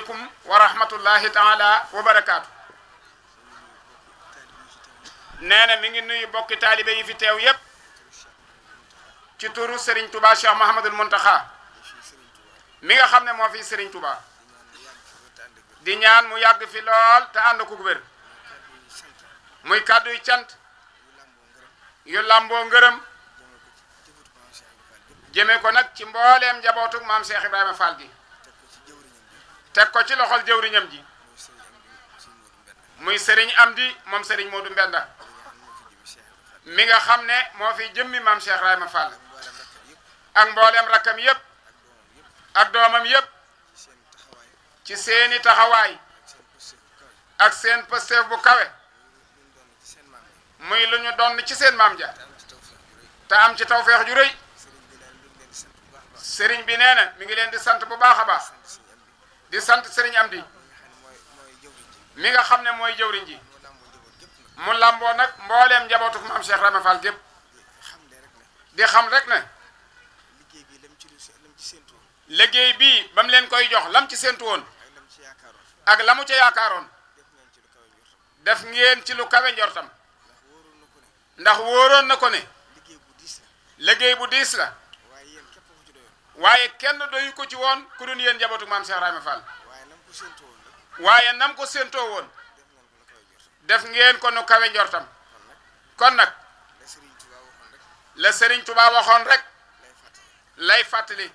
عليكم ورحمة الله تعالى وبركاته نانا مينغي نوي بوك طالبي في تيو ييب تي تورو توبا شيخ محمد المنتخا ميغا خامن مو في سيرن توبا دي نيان مو ياغ في لول تا اند كو كبر موي يو لامبو غرم جيمي كو نك تي مام شيخ ابراهيم فالدي teg ko ci loxol jëwriñam ji muy sëriñ Amdi moom sëriñ Modou Mbenda mi nga xam ne moo fi jëmmi maam Cheikh Rahima Fall ak mboolem rakkam yépp ak doomam yépp ci seeni taxawaay ak seen pësteef bu kawe muy lu ñu doon ci seen maam ja te am ci tawfeex ju rëy sëriñ bi nee na mi ngi leen di sant bu baax a baax di sant sëriñ Amdi mi nga xam ne mooy jëwriñ ji mu làmboo nag mbooleem njabootu maam Cheikh Rama Fall gépp di xam rek ne liggéey bii ba mu leen koy jox lam ci séentu woon ak la mu ca yaakaaroon def ngeen ci lu kawe njortam ndax wóoroon na ko ne léggéey bu diis la waaye kenn doyu ko ci woon ku dun yéen njabootu maam Cheikh Rahma Fall waaye nam ko séentoo woon def ngeen ko nu kawe njortam kon nag la Serigne Touba waxoon rek lay fàttali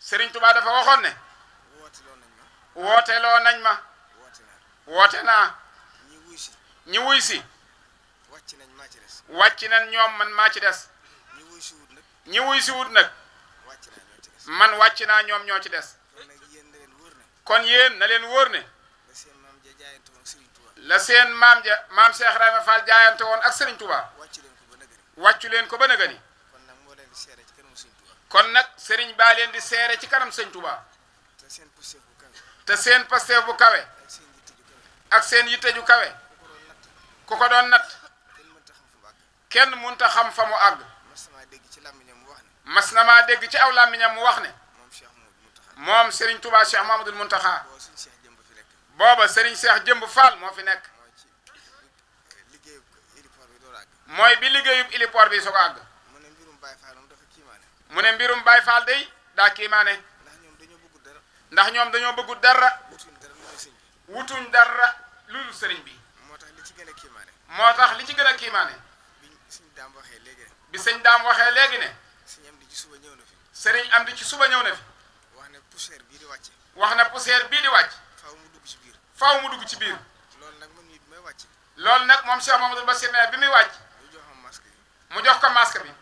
Serigne Touba dafa waxoon ne wooteloo nañ ma woote naa ñi wuy si wàcc nañ ñoom man maa ci des ñi wuy si wut nag man wàcc naa ñoom ñoo ci des kon yéen na leen wóor ne la seen maam ja maam Cheikh Ibrahima Fall jaayante woon ak Serigne Touba wàccu leen ko ba nagani kon nag Serigne baa leen di seere ci kanam Serigne Touba te seen bu kawe ak seen kawe ku ko doon nat kenn xam fa mu àgg. mas na maa dégg ci aw làmmiñam mu wax ne moom Serigne Touba Cheikh Mahmadul Muntaxa booba Serigne Cheikh Jëmb Fall moo fi nekk mooy bi liggéeyub héliport bi su ko àgg mu ne mbirum Baye Fall day daa kiimaane ndax ñoom dañoo bëggu dara wutuñ dara lulu sëriñ bi moo tax li ci gën a kiimaane moo tax li ci gën a kiimaane bi sëñ daam waxee léegi ne suba ñëw na fi. sëriñ am di ci suba ñëw na fi. wax ne poussière bii di wàcc. wax na poussière bii di wàcc. faaw mu dugg ci biir. faaw mu dugg ci biir. loolu nag moom it may wàcc. loolu nag moom Cheikh Mamadou Bassir nee bi muy wàcc. mu jox ko masque bi. mu jox ko masque bi.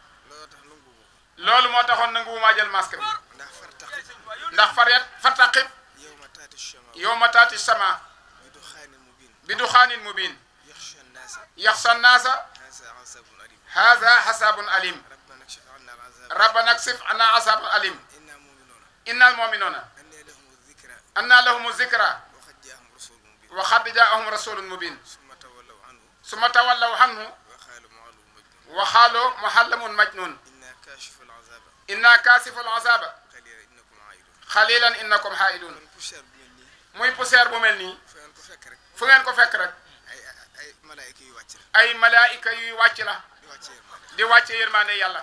loolu moo taxoon nanguwumaa jël masque bi. ndax far taqib. ndax far yat far taqib. yow ma taati sama. yow ma taati sama. bidu xaanin mubin. bidu xaanin mubin. yaxsha naasa. yaxsha naasa. haza xasabun alim. ربنا اكشف عنا عذاب الأليم إن المؤمنون أنا لهم الذكرى وقد جاءهم رسول مبين ثم تولوا عنه وحالوا محلم مجنون إنا كاشف العذاب خليلا إنكم حائلون موي بوسير بو ملني nii كو فك رك اي ملائكه ay malaayika yuy wàcc la di wàcce yërmande yàlla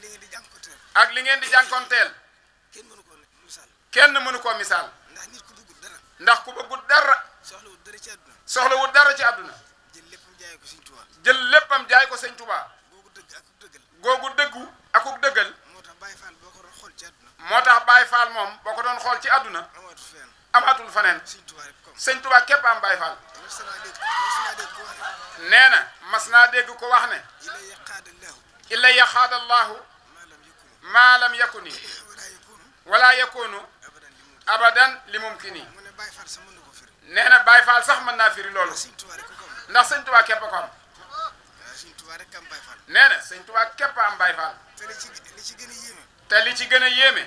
li ngeen di jànkonteel. ak li ngeen di jànkonteel. kenn mënu koo kenn mënu koo misaal. ndax nit ku bëggul dara. ndax ku bëggul dara. soxlawul dara ci àdduna. soxlawul dara ci àdduna. jël léppam jaay ko sëñ Tuubaa. jël léppam jaay ko sëñ Tuubaa. googu dëgg akuk dëggal. googu dëggu akuk dëggal. moo tax Baye Fall boo xool ci àdduna. moo tax baay faal moom boo ko doon xool ci àdduna. amaatul feneen. amaatul feneen. sëñ Tuubaa képp am Baye Fall. nee na mas naa dégg ko wax ne. illa yaxaadallahu. ما لم يكن ولا يكون abadan li mumkini nee na Baye Fall sax mën naa firi loolu ndax sëñ Tuubaa képp ko am nee na sëñ Tuubaa képp am Baye Fall te li ci gën a yéeme te li ci gën a yéeme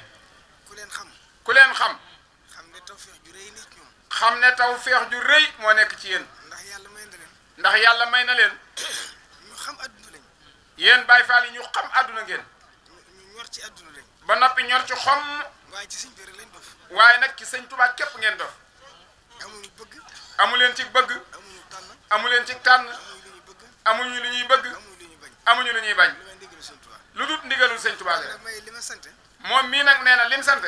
ku leen xam ku leen xam xam ne tawfeex ju rëy nit ñoom xam ne tawfeex ju rëy moo nekk ci yéen ndax yàlla may na leen ndax yàlla may na leen ñu xam àdduna lañ yéen Baye Fall yi ñu xam àdduna ngeen ñor ci àdduna lañ. ba noppi ñor ci xom. waaye ci sëñ Tuubaa lañ dof. waaye nag ci sëñ Tuubaa képp ngeen dof. amuñu bëgg. amu leen ci bëgg. amuñu tànn. amu leen ci tànn. amuñu lu ñuy bëgg. amuñu lu ñuy bañ. lu dul ndigalul sëñ Tuubaa la. moom mi nag nee na lim sant.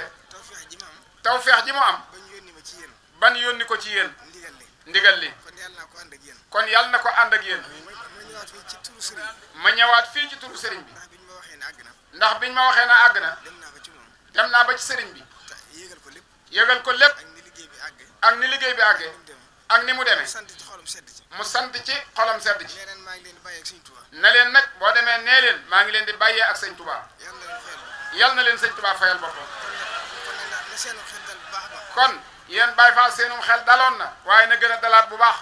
tawfeex ji mu am. ban yónni ko ci yéen. ndigal li kon yàlla na ko ànd ak yéen. ma ñëwaat fii ci turu sëriñ bi. ndax biñ ma waxee na àgg na dem naa ba ci sëriñ bi yëgal ko lépp yëgal ko lépp ak ni liggéey bi àggee ak ni mu demee mu sant ci xolam sedd ci na leen nag boo demee nee leen maa ngi leen di bàyyee ak sëñ Touba yal na leen sëñ Touba fayal boppam kon yéen Baye Fall seenum xel daloon na waaye na gën a dalaat bu baax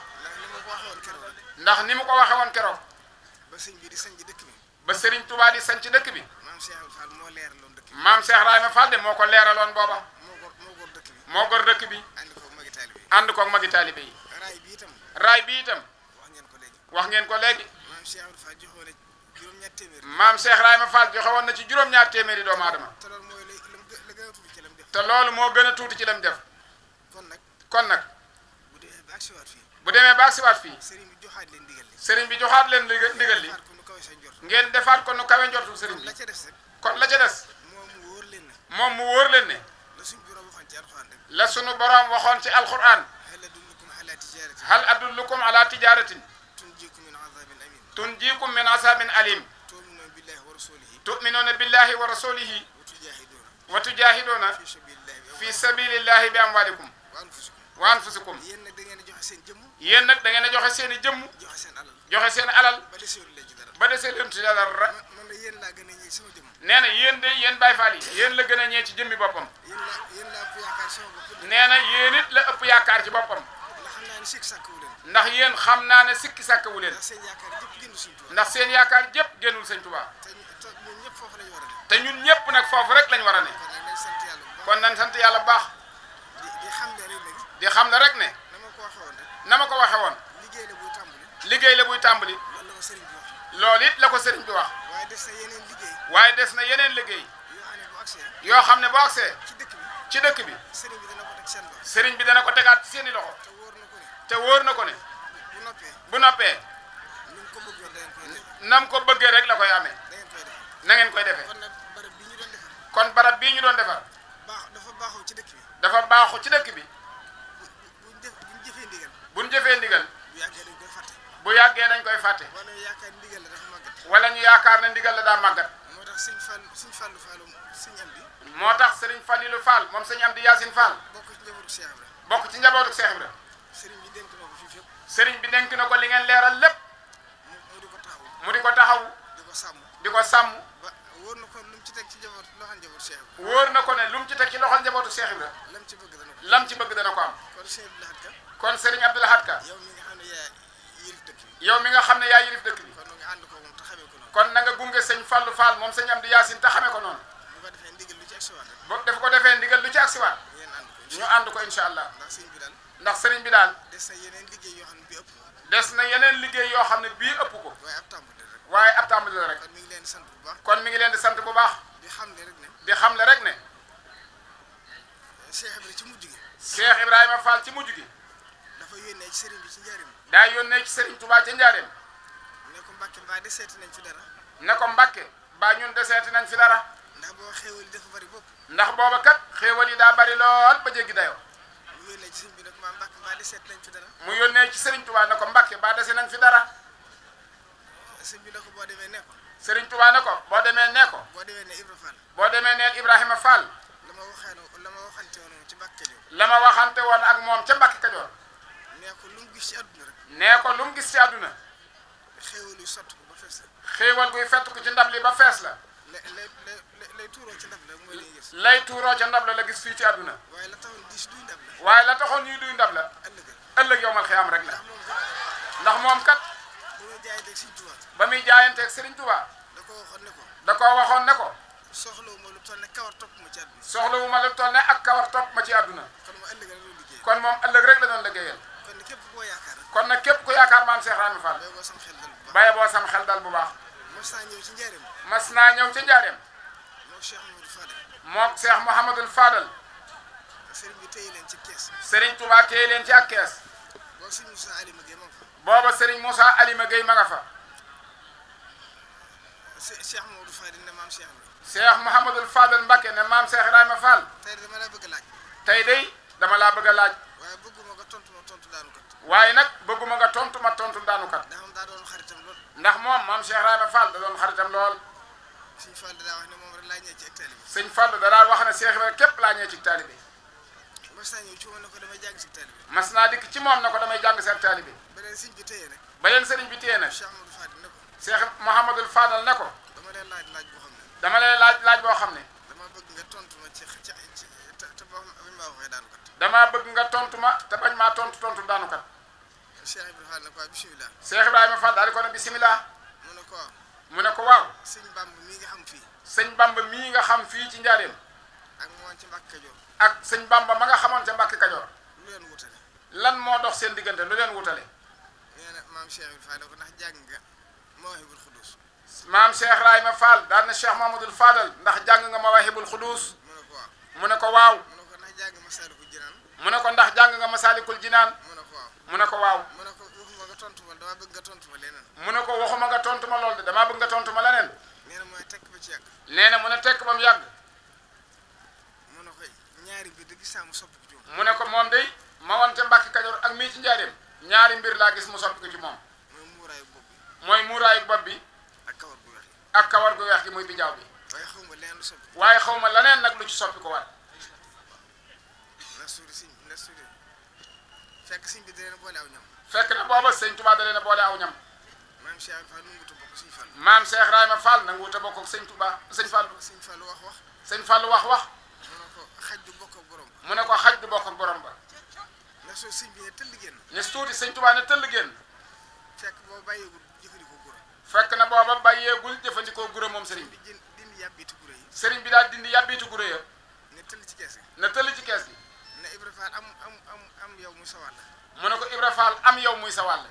ndax ni mu ko waxee woon keroog ba sëñ bi sëñ ji dëkk bi ba Serigne Touba di sanc dëkk bi. maam Cheikh Fall moo leeraloon dëkk bi. maam de moo ko leeraloon booba. moo gor moo gor dëkk bi. moo gor dëkk bi. ànd koog magi taalibe yi. raay bi itam. wax ngeen ko léegi. wax ngeen ko léegi. maam Cheikh Fall joxe woon na ci juróom-ñaar téeméeri. maam Cheikh Rahima Fall joxe woon na ci juróom-ñaar téeméeri doomu aadama. te loolu te loolu moo gën a tuuti ci lam def. kon nag kon nag. bu demee ba agsiwaat fii. bu demee ba agsiwaat fii. Serigne bi joxaat leen ndigal li. bi joxaat leen li ngeen defaat ko nu kawe njortu sëriñ bi kon la ca des moom mu wóor leen ne la sunu borom waxoon ci alquran hal adullukum ala tijaratin tunjikum min azabin alim tuminuna billahi wa rasulihi wa tujahiduna fi sabilillahi bi amwalikum wa anfusikum yen nak da ngeen joxe jëm joxe seen i jëmm joxe seen alal ba desee leen ci dara man de yéen laa gën a ñee sama jëmm nee na yéen la gën a ñee ci jëmmi boppam nee na yéen it la ëpp yaakaar ci boppam ndax yéen xam naa ne sikki sàkkawu leen ndax seen yaakaar jëpp génnul sëñ Tuubaa te ñun ñëpp nag foofu rek lañ war a ne kon nañ sant yàlla bu baax di xam la rek ne na ma ko waxe woon liggéey la buy tàmbali lool it la ko sëriñ bi wax. waaye des na yeneen liggéey. waaye des na yeneen liggéey. yoo xam ne bu agsee. ci dëkk bi ci dëkk bi. sëriñ bi dana ko teg seen sëriñ bi dana ko tegaat seeni loxo. te wóor na ko ne. bu noppee bu noppee. nam ko bëggee rek la koy amee. na ngeen koy defee. kon barab bii ñu doon defar. dafa baaxu ci dëkk bi. dafa baaxu ci dëkk bi. buñ jëfee ndigal. buñ jëfee ndigal. bu yàggee dañ koy fàtte. bu yàggee nañ koy fàtte. wala ñu yaakaar ndigal yaakaar ne ndigal la daa màggat. moo tax sëñ Fall sëñ Fallu Fall sëñ Amdi. moo tax sëriñ Fallilu Fall moom sëñ Amdi Yaasin Fall. bokk ci njabootu u Ibra. bokk ci njabootu Cheikh Ibra. sëriñ bi dénk na ko fii bi dénk na ko li ngeen leeral lépp. mu di ko taxaw mu di ko taxawu. di ko di ko sàmm. ba wóor na ko lu ci teg ci njabootu loxo njabootu Cheikh Ibra. wóor na ko ne lu mu ci teg ci loxo njabootu Cheikh Ibra. lam ci bëgg dana ko am. lam ci bëgg dana ko am. kon sëriñ Abdoul Ahad Ka. yow yilif dëkk yow mi nga xam ne yaa yilif dëkk bi kon nga ànd kon na nga gunge sëñ Fallou Fall moom sëñ Amdi Yaasin te xamee ko noonu bu ko defee ndigal lu ci agsiwaat ba daf ko defee ndigal lu ci agsiwaat ñu ànd ko incha allah ndax sëñ bi daal des na yeneen liggéey yoo xam ne bii ëpp yeneen liggéey yoo xam ne bii ëpp ko waaye ab tàmbali la rek waaye rek kon mi ngi leen di sant bu baax kon mi ngi leen di sant baax di xam le rek ne di xam le rek ne Cheikh Ibrahima ci mujj gi Cheikh Ibrahima Fall ci mujj gi ko yónnee ci sëriñ bi ci njaareem. daa yónnee ci sëriñ Touba ca njaareem. ne ko Mbacke mbaa deseeti nañ fi dara. ne ko Mbacke mbaa ñun deseeti nañ fi dara. ndax dafa bari bopp. ndax booba kat xéewal yi daa bari lool ba jéggi dayoo. mu yónnee ci sëriñ bi ne ko Mbacke mbaa deseeti nañ fi dara. mu yónnee ci sëriñ Touba ne ko Mbacke mbaa dese nañ fi dara. Ah, sëriñ bi ne ko boo demee ne ko. sëriñ Touba ne ko boo demee ne ko. boo demee ne Ibrahima Fall. boo demee ne Ibrahima Fall. la ma waxante woon ci Mbacke Kajoor. la ma waxante woon ak moom ca Mbacke Kajoor. nee ko lu mu gis ci àdduna rek. nee ko lu mu gis ci àdduna. xéewal yu sotti ko ba fees la. xéewal guy fett ko ci ndab li ba fees la. lay lay lay tuuroo ca ndab la mooy lay gis. lay tuuroo ca ndab la la gis fii ci àdduna. waaye la taxoon gis duy ndab la. waaye la taxoon ñuy duy ndab la. ëllëg yowmal xiyaam rek la. ndax moom kat. ba muy jaayanteeg Serigne Touba. da koo waxoon ne ko. da waxoon ne ko. soxlawu lu toll ne ak kawar topp ma ci àdduna. kon moom ëllëg rek la doon liggéeyal. kon nag képp ku yaakaar maam Cheikh rami Fall baye boo sam xel dal bu baax mas naa ñëw ci njaareem mas naa ñëw ci moom Cheikh Mouhamadul Fadal sëriñ bi téye leen ci Touba téye leen ci ak kees booba sëriñ Moussa Alima Gueye ma nga fa ma nga fa Cheikh Mouhamadul Fadal ne Fadal Mbacké ne maam Cheikh rami Fall tey dama laa bëgg laaj tey day dama laa bëgg laaj waaye bëgguma nga tontu ma tontu daanu kat. waaye nag bëgguma nga tontu ma tontu daanu kat. ndax moom daa doon xaritam lool. ndax moom maam Cheikh Ibrahima Fall da doon xaritam lool. sëñ Fall da daa wax ne moom rek képp laa ñëw ci taalibe bi. mas naa ñëw ci moom ne ko damay jàng si taalibe bi. mas naa dikk ci moom ne ko damay jàng si taalibe bi. ba leen sëñ bi téye nag. ba leen sëriñ bi téye nag. Cheikh Mouhamadou Fadal ne ko. Cheikh Mouhamadou Fadal ne ko. dama lay laaj laaj boo xam ne. dama lay laaj laaj boo xam ne. dama bëgg nga tontu ma ci ci te boo dama bëgg nga tontu ma te bañ ma tontu tontu daanu kat. Cheikh ibrahim Fall ne ko bisimilah. Cheikh ibrahim Fall daal di ko ne bisimilah. mu ne ko waaw. ko waaw. sëñ Bamba mii nga xam fi sëñ bamb mi nga xam fi ci njaareem. ak moo ci Mbàkke Kajoor. ak sëñ bamb ma nga xamone ci Mbàkke Kajoor. lu len wutale. lan mo dox seen diggante lu len wutale. nee mam Cheikh ibrahim Fall ne ko ndax jàng nga Mawahibul khudus mam Cheikh ibrahim Fall dal na Cheikh Mamadou Fadal ndax jang nga Mawahibul khudus mu ne ko waaw. mu ne ko waaw. mu ne ko ndax jàng nga mu ne ko ndax jàng nga masaalikul jinaan mu ne ko waaw mu ne ko waxuma nga tontu ma damaa bëgg nga tontu ma leneen mu ne ko waxuma nga tontu ma lool de damaa bëgg nga tontu ma leneen nee na mooy tekk ba ci ko ñaari mbir da gis naa mu ci moom ko moom day ma wante mbàkk kajoor ak mii ci njaareem ñaari mbir laa gis mu soppi ci moom mooy muuraayu bopp bi ak kawar gu weex gi muy bijaaw bi waaye xaw ma leneen lu soppi waaye xaw lu ci soppi ko war la studio fekk sëñ bi da leen na booba sëñ Touba da leen boole aw ñam. maam Cheikh Fall nanguwut a bokk sëñ Fall. maam Cheikh Rahima Fall nanguwut a bokk ak sëñ Touba sëñ Fall. sëñ Fall wax wax. sëñ Fall wax wax. mu ne ko xaj du bokk ak ba. mu ne ko xaj bokk ak borom ba. ne soo sëñ bi ne tëll génn. ne tuuti sëñ Touba ne tëll génn. fekk booba bàyyeegul jëfandikoo gura. fekk na booba bàyyeegul jëfandikoo gura moom sëriñ bi. dindi yàbbiitu gura yi. sëriñ bi daal dindi yàbbiitu gura ya. ne tëll ci kees gi. gi. Fall am am yow muy sa mu ne ko Ibra Fall am yow muy sa wàll.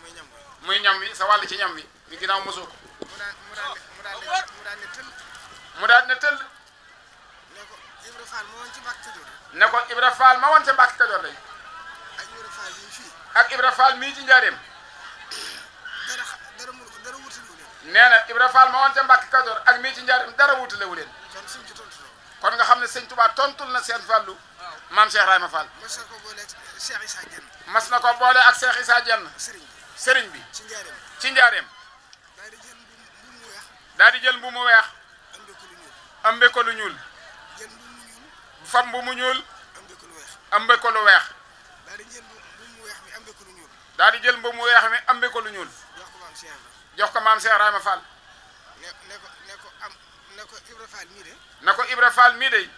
muy ñam wi muy ñam sa wàll ci ñam wi mi ginnaaw mosoo mu daan mu daan mu daan ne tëll. mu daan ne tëll. ne ko Ibra Fall ma woon ci Mbàkke Kajoor. ci Mbàkke Kajoor lay. ak Ibra Fall mii fii. ak Ibra Fall ma woon ci Mbàkke Kajoor ak mii ci njaareem dara wutalewu leen. kon suñ ci kon nga xam ne sëñ Tuubaa tontul na seen fàllu. مام شيخ رايما فال مسنكو بوله شيخ عيسى جن سيرين بي سي نجارم دادي جيل بومو ويخ امبي كو لو نيول فام بومو نيول امبي كو لو ويخ دادي جيل بومو ويخ مي امبي كو لو نيول جوخ كو مام شيخ رايما فال نكو نكو ابرا فال مي دي نكو ابرا فال مي دي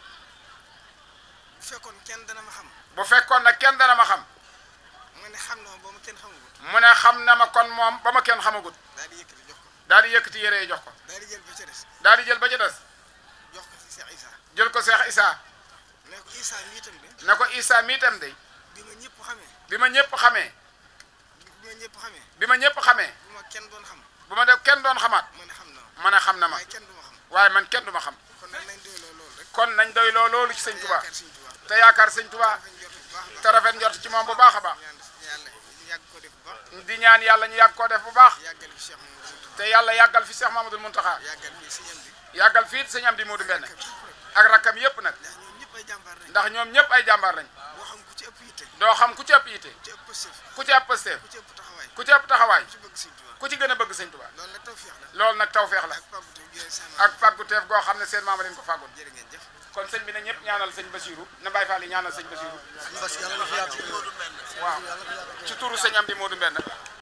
bu fekkoon kenn dana ma xam. bu fekkoon nag kenn dana ma xam. mu ne xam na ma ma kenn xamagut. mu ne kon moom ba ma kenn xamagut. daal di yëkkati jox ko. daal di yére jox ko. daal di jël ba ca des. daal di jël ba ca des. jox ko si Cheikh isa jël ko Cheikh Issa. ne ko Issa mii de. bi ma ñëpp xamee. bi ma ñëpp xamee. bu ma kenn kenn doon xamaat. mu ne xam na ma waaye man kenn du ma xam. kon nañ doy loo loolu ci sëñ Tuubaa te yaakaar sëñ Tuubaa te rafet njort ci moom bu baax a baax di ñaan yàlla ñu yàgg koo def bu baax te yàlla yàggal fi Cheikh Mamadou Mountakha yàggal fii sëñ Amdi Modou Mbène ak rakkam yépp nag ndax ñoom ñëpp ay jàmbaar nañ doo xam ku ci ëpp yitte ku ci ëpp pasteef ku ci ëpp taxawaay ku ci gën a bëgg sëñ Tuubaa loolu nag tawfeex la ak fàggu teef goo xam ne seen maama leen ko fàggoon kon sëñ bi na ñëpp ñaanal sëñ Basiru na Baye Fall yi ñaanal sëñ Basiru waaw ci turu sëñ moo Moodu Mbenn